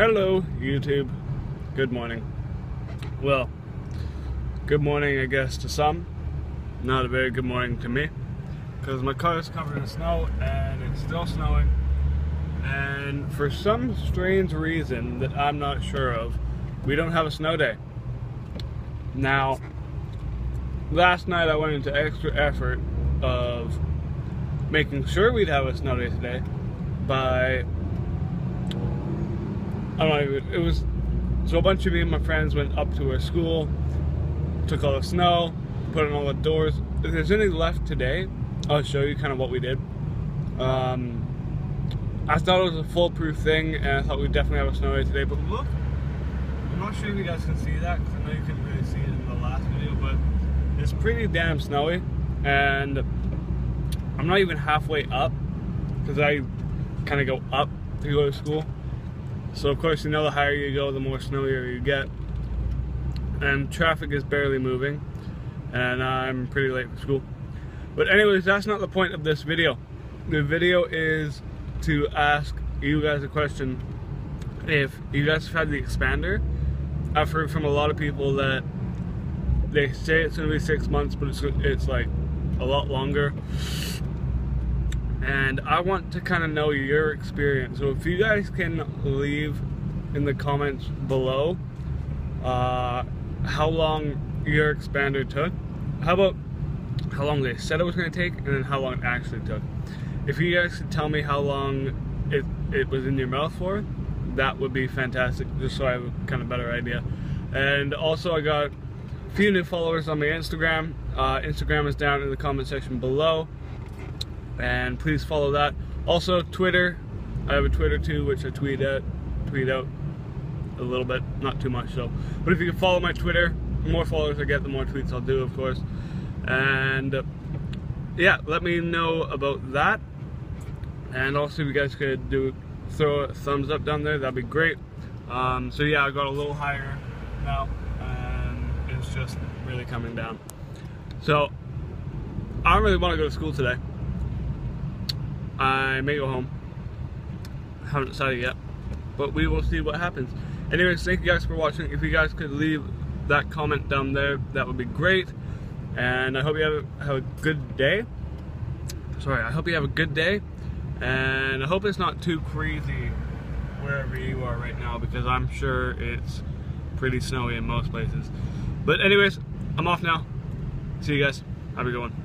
Hello, YouTube. Good morning. Well, good morning, I guess, to some. Not a very good morning to me. Because my car is covered in snow and it's still snowing. And for some strange reason that I'm not sure of, we don't have a snow day. Now, last night I went into extra effort of making sure we'd have a snow day today by I don't it was, so a bunch of me and my friends went up to a school, took all the snow, put in all the doors. If there's any left today, I'll show you kind of what we did. Um, I thought it was a foolproof thing, and I thought we'd definitely have a snow day today, but look, I'm not sure if you guys can see that, because I know you couldn't really see it in the last video, but it's pretty damn snowy, and I'm not even halfway up, because I kind of go up to go to school. So of course, you know the higher you go, the more snowier you get. And traffic is barely moving, and I'm pretty late for school. But anyways, that's not the point of this video. The video is to ask you guys a question. If you guys have had the expander, I've heard from a lot of people that they say it's gonna be six months, but it's, it's like a lot longer and I want to kind of know your experience. So if you guys can leave in the comments below uh, how long your expander took, how about how long they said it was going to take, and then how long it actually took. If you guys could tell me how long it, it was in your mouth for, that would be fantastic, just so I have a kind of better idea. And also I got a few new followers on my Instagram. Uh, Instagram is down in the comment section below and please follow that. Also, Twitter. I have a Twitter too, which I tweet at, tweet out a little bit, not too much. So, but if you can follow my Twitter, the more followers I get, the more tweets I'll do, of course. And uh, yeah, let me know about that. And also, if you guys could do throw a thumbs up down there, that'd be great. Um, so yeah, I got a little higher now, and it's just really coming down. So I don't really want to go to school today. I may go home. I haven't decided yet, but we will see what happens. Anyways, thank you guys for watching. If you guys could leave that comment down there, that would be great. And I hope you have a, have a good day. Sorry, I hope you have a good day. And I hope it's not too crazy wherever you are right now because I'm sure it's pretty snowy in most places. But anyways, I'm off now. See you guys. Have a good one.